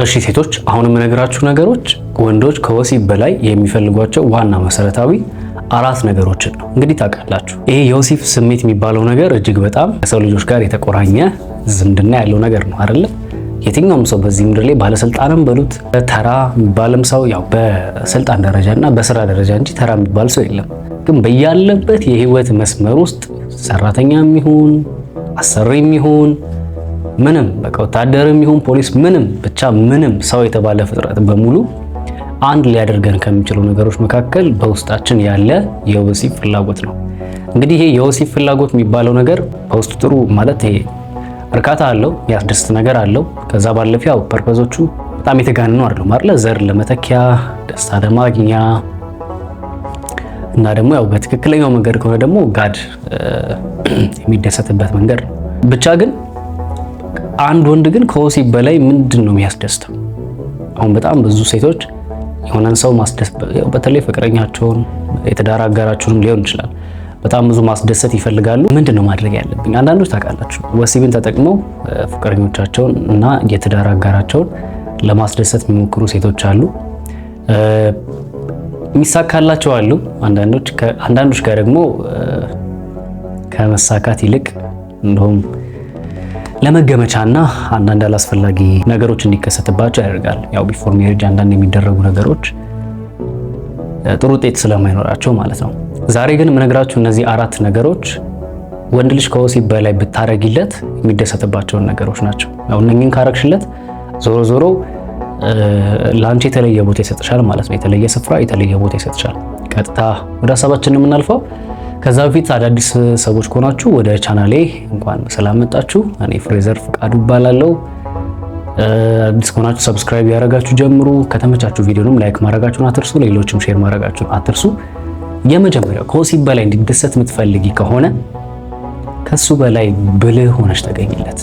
እሺ ሴቶች አሁን የምነግራችሁ ነገሮች ወንዶች ከወሲብ በላይ የሚፈልጓቸው ዋና መሰረታዊ አራት ነገሮችን ነው። እንግዲህ ታውቃላችሁ ይሄ የወሲብ ስሜት የሚባለው ነገር እጅግ በጣም ከሰው ልጆች ጋር የተቆራኘ ዝምድና ያለው ነገር ነው አይደለ? የትኛውም ሰው በዚህ ምድር ላይ ባለስልጣንም በሉት ተራ የሚባልም ሰው ያው በስልጣን ደረጃ እና በስራ ደረጃ እንጂ ተራ የሚባል ሰው የለም። ግን በያለበት የህይወት መስመር ውስጥ ሰራተኛ የሚሆን አሰሪ የሚሆን ምንም በቃ ወታደርም ይሁን ፖሊስ ምንም ብቻ ምንም ሰው የተባለ ፍጥረት በሙሉ አንድ ሊያደርገን ከሚችሉ ነገሮች መካከል በውስጣችን ያለ የወሲብ ፍላጎት ነው። እንግዲህ ይሄ የወሲብ ፍላጎት የሚባለው ነገር በውስጡ ጥሩ ማለት ይሄ እርካታ አለው፣ ያስደስት ነገር አለው። ከዛ ባለፈ ያው ፐርፐዞቹ በጣም የተጋነኑ አይደሉም አይደለ? ዘር ለመተኪያ ደስታ ለማግኛ እና ደግሞ ያው በትክክለኛው መንገድ ከሆነ ደግሞ ጋድ የሚደሰትበት መንገድ ነው ብቻ ግን አንድ ወንድ ግን ከወሲብ በላይ ምንድን ነው የሚያስደስተው? አሁን በጣም ብዙ ሴቶች የሆነን ሰው ማስደሰት በተለይ ፍቅረኛቸውን የትዳር አጋራቸውንም ሊሆን ይችላል በጣም ብዙ ማስደሰት ይፈልጋሉ። ምንድን ነው ማድረግ ያለብኝ? አንዳንዶች ታውቃላችሁ ወሲብን ተጠቅመው ፍቅረኞቻቸውን እና የትዳር አጋራቸውን ለማስደሰት የሚሞክሩ ሴቶች አሉ። የሚሳካላቸው አሉ። አንዳንዶች ጋር ደግሞ ከመሳካት ይልቅ እንደውም ለመገመቻና አንዳንድ አላስፈላጊ ነገሮች እንዲከሰትባቸው ያደርጋል። ያው ቢፎር ሜሪጅ አንዳንድ የሚደረጉ ነገሮች ጥሩ ውጤት ስለማይኖራቸው ማለት ነው። ዛሬ ግን የምነግራችሁ እነዚህ አራት ነገሮች ወንድ ልጅ ከወሲብ በላይ ብታረጊለት የሚደሰትባቸውን ነገሮች ናቸው። ያው እነኝን ካረግሽለት ዞሮ ዞሮ ለአንቺ የተለየ ቦታ ይሰጥሻል ማለት ነው። የተለየ ስፍራ፣ የተለየ ቦታ ይሰጥሻል። ቀጥታ ወደ ሀሳባችን የምናልፈው ከዛ በፊት አዳዲስ ሰዎች ከሆናችሁ ወደ ቻናሌ እንኳን ሰላም መጣችሁ። እኔ ፍሬዘር ፍቃዱ እባላለሁ። አዲስ ከሆናችሁ ሰብስክራይብ ያደረጋችሁ ጀምሩ። ከተመቻችሁ ቪዲዮንም ላይክ ማድረጋችሁን አትርሱ። ሌሎችም ሼር ማድረጋችሁን አትርሱ። የመጀመሪያው ከወሲብ በላይ እንዲደሰት የምትፈልጊ ከሆነ ከሱ በላይ ብልህ ሆነች ተገኝለት።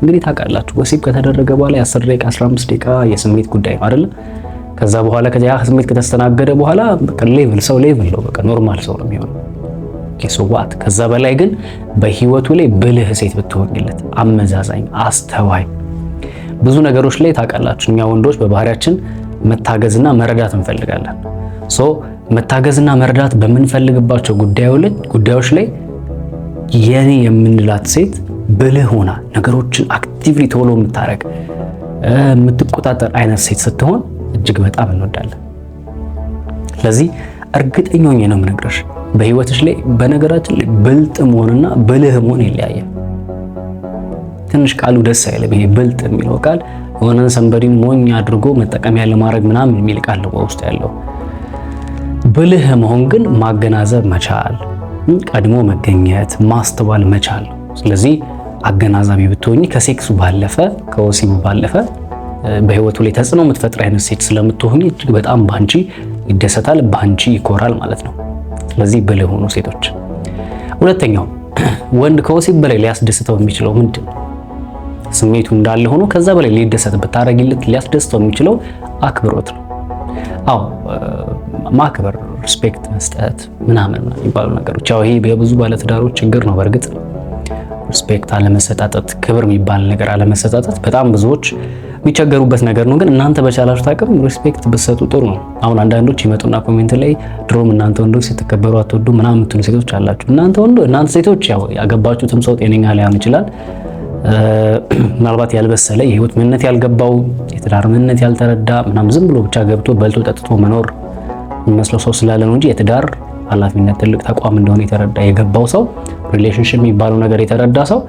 እንግዲህ ታውቃላችሁ ወሲብ ከተደረገ በኋላ 10 ደቂቃ 15 ደቂቃ የስሜት ጉዳይ ነው አይደል? ከዛ በኋላ ከዚያ ስሜት ከተስተናገደ በኋላ በቃ ሌቭል ሰው ሌቭል ነው። በቃ ኖርማል ሰው ነው የሚሆነው ኦኬ ከዛ በላይ ግን በህይወቱ ላይ ብልህ ሴት ብትሆንለት፣ አመዛዛኝ፣ አስተዋይ ብዙ ነገሮች ላይ ታውቃላችሁ፣ እኛ ወንዶች በባህሪያችን መታገዝና መረዳት እንፈልጋለን። ሶ መታገዝና መረዳት በምንፈልግባቸው ጉዳዮች ላይ የኔ የምንላት ሴት ብልህ ሆና ነገሮችን አክቲቭሊ ቶሎ የምታረግ የምትቆጣጠር አይነት ሴት ስትሆን እጅግ በጣም እንወዳለን። ስለዚህ እርግጠኛ ነው የምነግርሽ በህይወትሽ ላይ በነገራችን ላይ ብልጥ መሆንና ብልህ መሆን ይለያያል። ትንሽ ቃሉ ደስ አይልም። ይሄ ብልጥ የሚለው ቃል የሆነ ሰንበሪን ሞኝ አድርጎ ያለ ማድረግ ምናምን የሚል ቃል ነው ያለው። ብልህ መሆን ግን ማገናዘብ መቻል፣ ቀድሞ መገኘት፣ ማስተዋል መቻል። ስለዚህ አገናዛቢ ብትሆኝ ከሴክሱ ባለፈ ከወሲቡ ባለፈ በህይወቱ ላይ ተጽዕኖ የምትፈጥር አይነት ሴት ስለምትሆኝ እጅግ በጣም ባንቺ ይደሰታል፣ ባንቺ ይኮራል ማለት ነው። ለዚህ ብልህ ሆኑ ሴቶች። ሁለተኛው ወንድ ከወሲብ በላይ ሊያስደስተው የሚችለው ምንድን ነው? ስሜቱ እንዳለ ሆኖ ከዛ በላይ ሊደሰት ብታደርጊለት ሊያስደስተው የሚችለው አክብሮት ነው። አዎ ማክበር፣ ሪስፔክት መስጠት ምናምን የሚባሉ ነገሮች ያው ይሄ የብዙ ባለትዳሮች ችግር ነው። በእርግጥ ሪስፔክት አለመሰጣጠት፣ ክብር የሚባል ነገር አለመሰጣጠት በጣም ብዙዎች የሚቸገሩበት ነገር ነው። ግን እናንተ በቻላችሁ ታቅም ሪስፔክት ብትሰጡ ጥሩ ነው። አሁን አንዳንዶች ይመጡና ኮሜንት ላይ ድሮም እናንተ ወንዶች ስትከበሩ አትወዱ ምናምን የምትሉ ሴቶች አላችሁ። እናንተ ወንዶ እናንተ ሴቶች ያው ያገባችሁትም ሰው ጤነኛ ላይሆን ይችላል። ምናልባት ያልበሰለ የህይወት ምንነት ያልገባው የትዳር ምንነት ያልተረዳ ምናምን ዝም ብሎ ብቻ ገብቶ በልቶ ጠጥቶ መኖር የሚመስለው ሰው ስላለ ነው እንጂ የትዳር ኃላፊነት ትልቅ ተቋም እንደሆነ የተረዳ የገባው ሰው ሪሌሽንሽፕ የሚባለው ነገር የተረዳ ሰው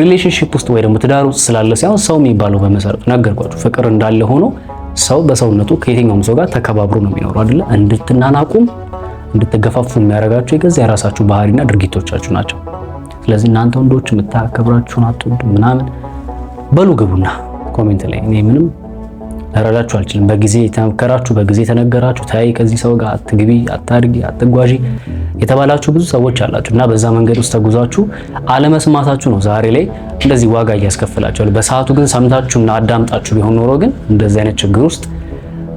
ሪሌሽንሽፕ ውስጥ ወይ ደግሞ ትዳር ውስጥ ስላለ ሳይሆን ሰው የሚባለው በመሰረቱ ነገርኳችሁ፣ ፍቅር እንዳለ ሆኖ ሰው በሰውነቱ ከየትኛውም ሰው ጋር ተከባብሮ ነው የሚኖረው አይደለ? እንድትናናቁም እንድትገፋፉ የሚያደርጋቸው የገዛ የራሳችሁ ባህሪና ድርጊቶቻችሁ ናቸው። ስለዚህ እናንተ ወንዶች የምታከብራችሁን አትወዱ ምናምን በሉ ግቡና ኮሜንት ላይ እኔ ምንም ረዳችሁ አልችልም። በጊዜ የተመከራችሁ፣ በጊዜ የተነገራችሁ ታይ ከዚህ ሰው ጋር አትግቢ፣ አታድርጊ፣ አትጓዢ የተባላችሁ ብዙ ሰዎች አላችሁ እና በዛ መንገድ ውስጥ ተጉዛችሁ አለመስማታችሁ ነው ዛሬ ላይ እንደዚህ ዋጋ እያስከፍላችኋል። በሰዓቱ ግን ሰምታችሁና አዳምጣችሁ ቢሆን ኖሮ ግን እንደዚህ አይነት ችግር ውስጥ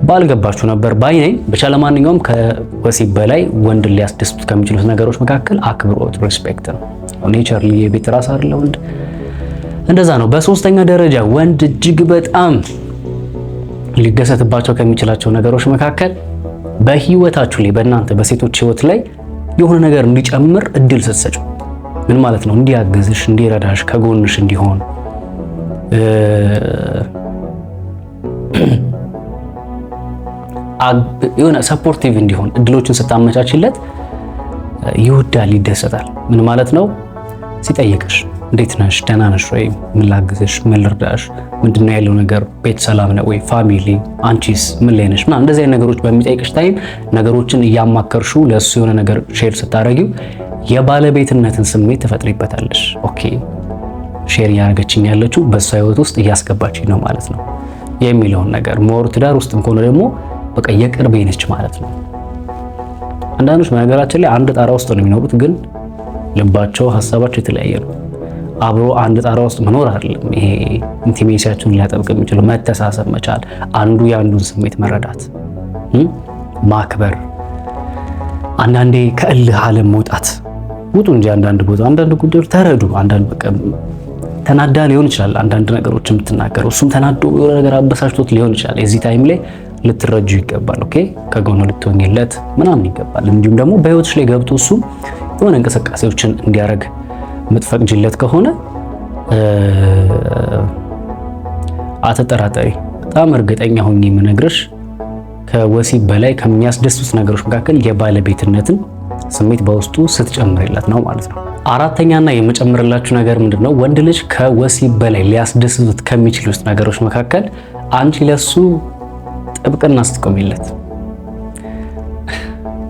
ባልገባችሁ ነበር ባይ ነኝ። ብቻ ለማንኛውም ከወሲብ በላይ ወንድ ሊያስደስቱት ከሚችሉት ነገሮች መካከል አክብሮት ሪስፔክት ነው። ኔቸር የቤት ራስ አይደለ ወንድ እንደዛ ነው። በሶስተኛ ደረጃ ወንድ እጅግ በጣም ሊገሰትባቸው ከሚችላቸው ነገሮች መካከል በህይወታችሁ ላይ በእናንተ በሴቶች ህይወት ላይ የሆነ ነገር እንዲጨምር እድል ስትሰጩ ምን ማለት ነው? እንዲያግዝሽ፣ እንዲረዳሽ፣ ከጎንሽ እንዲሆን የሆነ ሰፖርቲቭ እንዲሆን እድሎችን ስታመቻችለት ይወዳል፣ ይደሰታል። ምን ማለት ነው? ሲጠይቅሽ እንዴት ነሽ? ደህና ነሽ ወይ? ምን ላግዝሽ? ምን ልርዳሽ? ምንድነው ያለው ነገር? ቤት ሰላም ነው ወይ? ፋሚሊ፣ አንቺስ ምን ላይ ነሽ? ምናምን እንደዚህ አይነት ነገሮች በሚጠይቅሽ ታይም ነገሮችን እያማከርሹ ለእሱ የሆነ ነገር ሼር ስታደረጊው የባለቤትነትን ስሜት ትፈጥሪበታለሽ። ኦኬ ሼር እያደረገችኝ ያለችው በእሷ ህይወት ውስጥ እያስገባችኝ ነው ማለት ነው የሚለውን ነገር ሞር ትዳር ውስጥ ከሆነ ደግሞ በቃ የቅርቤ ነች ማለት ነው። አንዳንዶች በነገራችን ላይ አንድ ጣራ ውስጥ ነው የሚኖሩት፣ ግን ልባቸው ሀሳባቸው የተለያየ ነው። አብሮ አንድ ጣራ ውስጥ መኖር አይደለም። ይሄ ኢንቲሜሲያችሁን ሊያጠብቅ የሚችለው መተሳሰብ መቻል፣ አንዱ የአንዱን ስሜት መረዳት፣ ማክበር፣ አንዳንዴ ከእልህ ዓለም መውጣት። ውጡ እንጂ አንዳንድ ቦታ አንዳንድ ጉዳዮች ተረዱ። አንዳንድ በቃ ተናዳ ሊሆን ይችላል አንዳንድ ነገሮች የምትናገሩ እሱም ተናዶ የሆነ ነገር አበሳጭቶት ሊሆን ይችላል። የዚህ ታይም ላይ ልትረጁ ይገባል። ኦኬ ከጎኑ ልትሆኝለት ምናምን ይገባል። እንዲሁም ደግሞ በህይወትሽ ላይ ገብቶ እሱም የሆነ እንቅስቃሴዎችን እንዲያደርግ የምትፈቅጂለት ከሆነ አተጠራጣሪ በጣም እርግጠኛ ሆኜ የምነግርሽ ከወሲብ በላይ ከሚያስደስቱት ነገሮች መካከል የባለቤትነትን ስሜት በውስጡ ስትጨምርላት ነው ማለት ነው። አራተኛና የምጨምርላችሁ ነገር ምንድን ነው? ወንድ ልጅ ከወሲብ በላይ ሊያስደስቱት ከሚችሉት ነገሮች መካከል አንቺ ለሱ ጥብቅና ስትቆሚለት።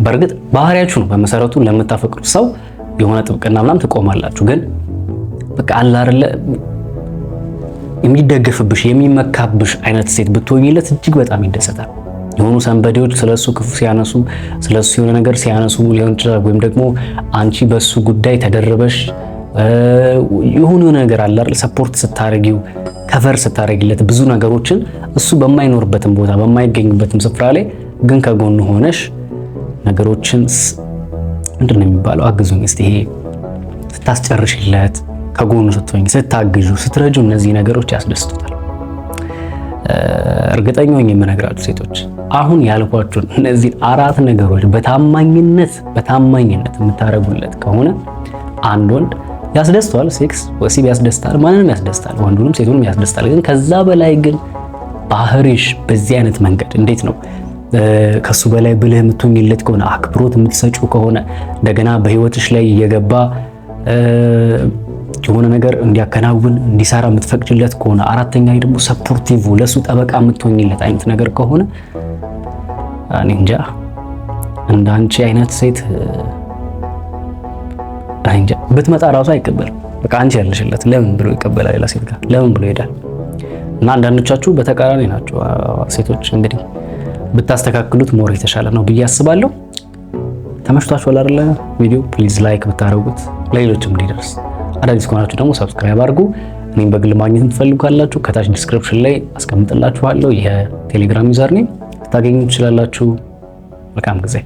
በእርግጥ ባህሪያችሁ ነው በመሰረቱ ለምታፈቅዱት ሰው የሆነ ጥብቅና ምናምን ትቆማላችሁ። ግን በቃ አለ አይደለ የሚደገፍብሽ የሚመካብሽ አይነት ሴት ብትሆኝለት እጅግ በጣም ይደሰታል። የሆኑ ሰንበዴዎች ስለሱ ክፉ ሲያነሱ፣ ስለሱ የሆነ ነገር ሲያነሱ ሊሆን ይችላል። ወይም ደግሞ አንቺ በሱ ጉዳይ ተደረበሽ የሆኑ ነገር አለ አይደል ሰፖርት ስታረጊው ከቨር ስታረጊለት ብዙ ነገሮችን እሱ በማይኖርበትም ቦታ በማይገኝበትም ስፍራ ላይ ግን ከጎኑ ሆነሽ ነገሮችን ምንድን ነው የሚባለው? አግዙኝ እስቲ ይሄ ስታስጨርሽለት፣ ከጎኑ ስትሆኝ፣ ስታግዡ፣ ስትረጁ እነዚህ ነገሮች ያስደስቱታል። እርግጠኛ ሆኜ የምነግራችሁ ሴቶች አሁን ያልኳችሁን እነዚህን አራት ነገሮች በታማኝነት በታማኝነት የምታደርጉለት ከሆነ አንድ ወንድ ያስደስተዋል። ሴክስ ወሲብ ያስደስታል፣ ማንንም ያስደስታል፣ ወንዱንም ሴቱንም ያስደስታል። ግን ከዛ በላይ ግን ባህሪሽ በዚህ አይነት መንገድ እንዴት ነው ከሱ በላይ ብልህ የምትሆኝለት ከሆነ አክብሮት የምትሰጩ ከሆነ እንደገና በህይወትሽ ላይ እየገባ የሆነ ነገር እንዲያከናውን እንዲሰራ የምትፈቅድለት ከሆነ አራተኛ ደግሞ ሰፖርቲቭ ለሱ ጠበቃ የምትሆኝለት አይነት ነገር ከሆነ እኔ እንጃ እንደ አንቺ አይነት ሴት እንጃ ብትመጣ ራሱ አይቀበልም። በቃ አንቺ ያለሽለት ለምን ብሎ ይቀበላል? ሌላ ሴት ጋር ለምን ብሎ ይሄዳል? እና አንዳንዶቻችሁ በተቃራኒ ናቸው ሴቶች እንግዲህ ብታስተካክሉት ሞር የተሻለ ነው ብዬ አስባለሁ። ተመችቷችኋል አይደለ? ቪዲዮ ፕሊዝ ላይክ ብታደርጉት ለሌሎችም እንዲደርስ፣ አዳዲስ ከሆናችሁ ደግሞ ሰብስክራይብ አድርጉ። እኔም በግል ማግኘት የምትፈልጉ ካላችሁ ከታች ዲስክሪፕሽን ላይ አስቀምጥላችኋለሁ የቴሌግራም ዩዘር ኔም ልታገኙ ትችላላችሁ። መልካም ጊዜ